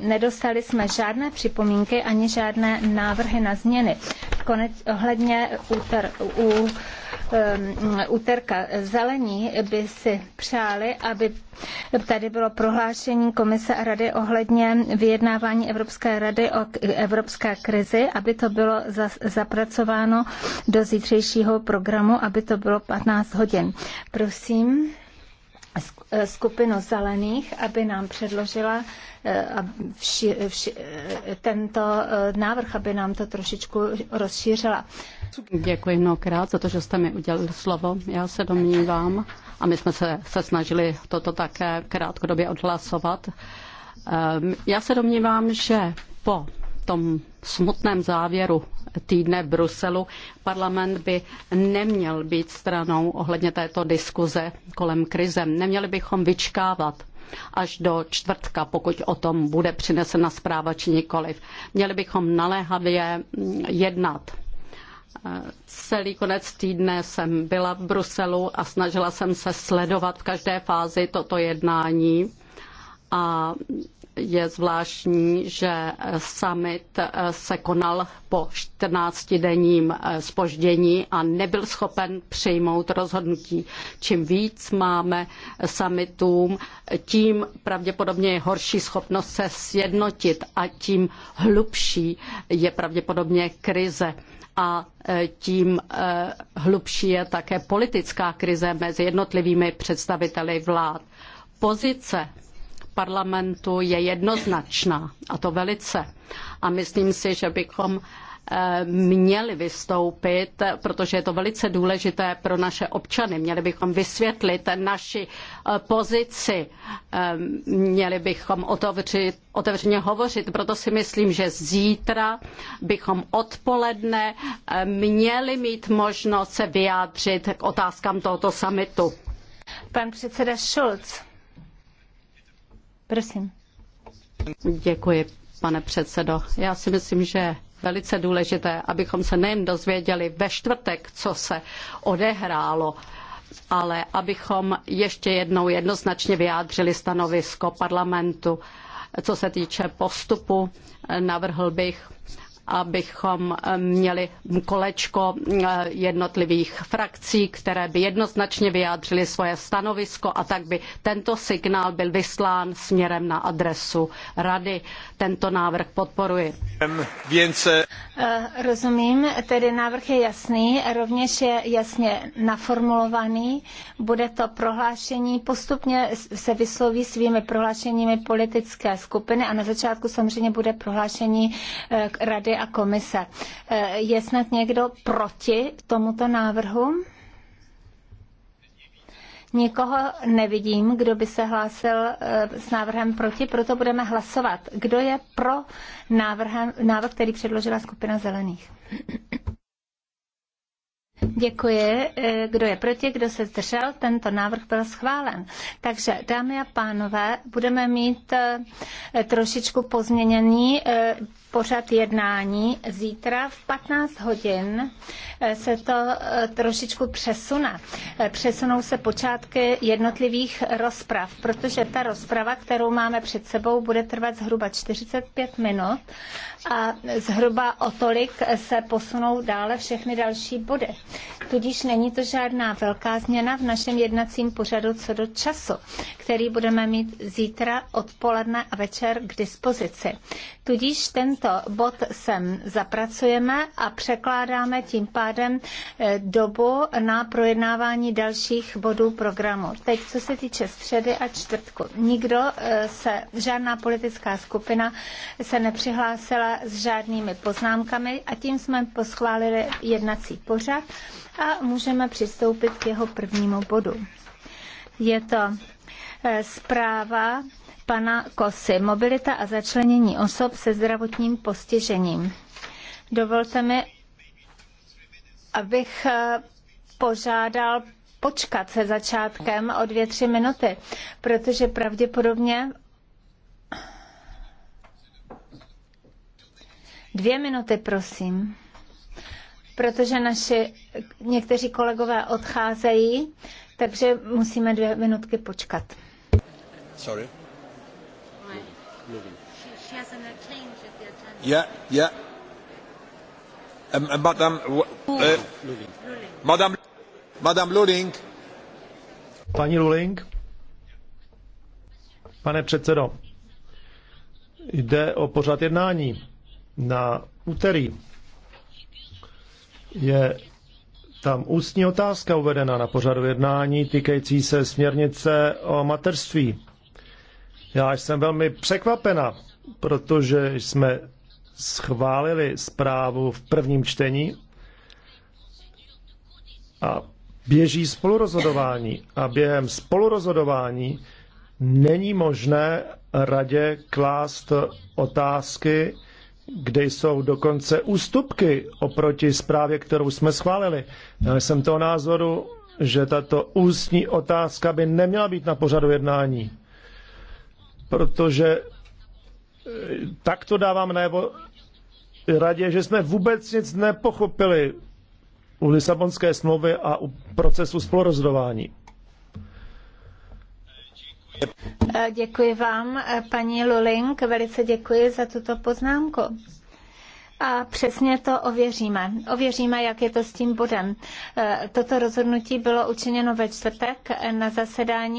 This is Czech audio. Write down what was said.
Nedostali jsme žádné připomínky ani žádné návrhy na změny. Konec ohledně úter, u, um, úterka zelení by si přáli, aby tady bylo prohlášení Komise a Rady ohledně vyjednávání Evropské rady o evropské krizi, aby to bylo zapracováno do zítřejšího programu, aby to bylo 15 hodin. Prosím. Eh, skupinu zelených, aby nám předložila eh, vši, vši, eh, tento návrh, aby nám to trošičku rozšířila. Děkuji mnohokrát za to, že jste mi udělali slovo. Já se domnívám, a my jsme se, se snažili toto také krátkodobě odhlasovat. Já se domnívám, že po tom smutném závěru týdne v Bruselu parlament by neměl být stranou ohledně této diskuze kolem krize. Neměli bychom vyčkávat až do čtvrtka, pokud o tom bude přinesena zpráva či nikoliv. Měli bychom naléhavě jednat. Celý konec týdne jsem byla v Bruselu a snažila jsem se sledovat v každé fázi toto jednání a je zvláštní, že summit eh, se konal po 14-denním spoždění eh, a nebyl schopen přijmout rozhodnutí. Čím víc máme summitům, tím pravděpodobně je horší schopnost se sjednotit a tím hlubší je pravděpodobně krize a eh, tím hlubší je také politická krize mezi jednotlivými představiteli vlád. Pozice parlamentu je jednoznačná, a to velice. A myslím si, že bychom eh, měli vystoupit, protože je to velice důležité pro naše občany. Měli bychom vysvětlit naši eh, pozici, eh, měli bychom otevřeně hovořit. Proto si myslím, že zítra bychom odpoledne měli mít možnost se vyjádřit k otázkám tohoto samitu. Pan předseda Schulz. Prosím. Děkuji, pane předsedo. Já si myslím, že velice důležité, abychom se nejen dozvěděli ve čtvrtek, co se odehrálo, ale abychom ještě jednou jednoznačně vyjádřili stanovisko parlamentu. Co se týče postupu, navrhl bych, abychom eh, měli kolečko eh, jednotlivých frakcí, které by jednoznačně vyjádřily svoje stanovisko a tak by tento signál byl vyslán směrem na adresu rady. Tento návrh podporuji. Eh, rozumím, tedy návrh je jasný, rovněž je jasně naformulovaný. Bude to prohlášení, postupně se vysloví svými prohlášeními politické skupiny a na začátku samozřejmě bude prohlášení rady a komise. Eh, je snad někdo proti tomuto návrhu? Nikoho nevidím, kdo by se hlásil eh, s návrhem proti, proto budeme hlasovat. Kdo je pro návrhem, návrh, který předložila skupina zelených? Děkuji. Eh, kdo je proti, kdo se zdržel, tento návrh byl schválen. Takže, dámy a pánové, budeme mít eh, trošičku pozměněný eh, pořad jednání. Zítra v 15 hodin se to trošičku přesune. Přesunou se počátky jednotlivých rozprav, protože ta rozprava, kterou máme před sebou, bude trvat zhruba 45 minut a zhruba o tolik se posunou dále všechny další body. Tudíž není to žádná velká změna v našem jednacím pořadu co do času, který budeme mít zítra odpoledne a večer k dispozici. Tudíž tento bod sem zapracujeme a překládáme tím pádem eh, dobu na projednávání dalších bodů programu. Teď, co se týče středy a čtvrtku. Nikdo eh, se, žádná politická skupina se nepřihlásila s žádnými poznámkami a tím jsme poschválili jednací pořad a můžeme přistoupit k jeho prvnímu bodu. Je to eh, zpráva pana Kosy, mobilita a začlenění osob se zdravotním postižením. Dovolte mi, abych eh, požádal počkat se začátkem o dvě, tři minuty, protože pravděpodobně Dvě minuty, prosím. Protože naši Někteří kolegové odcházejí, takže musíme dvě minutky počkat. Sorry. Yeah, yeah. Um, madam, uh, madam, uh, madam Luling. Paní Luling. Pane předsedo, jde o pořad jednání na úterý je tam ústní otázka uvedena na pořadu jednání týkající se směrnice o materství. Já jsem velmi překvapena, protože jsme schválili zprávu v prvním čtení a běží spolurozhodování. A během spolurozhodování není možné radě klást otázky, kde jsou dokonce ústupky oproti zprávě, kterou jsme schválili. Já jsem toho názoru, že tato ústní otázka by neměla být na pořadu jednání, protože e, takto dávám najevo radě, že jsme vůbec nic nepochopili u Lisabonské smlouvy a u procesu spolurozhodování. Eh, děkuji vám, eh, paní Lulink, velice děkuji za tuto poznámku. A přesně to ověříme. Ověříme, jak je to s tím bodem. Eh, toto rozhodnutí bylo učiněno ve čtvrtek na zasedání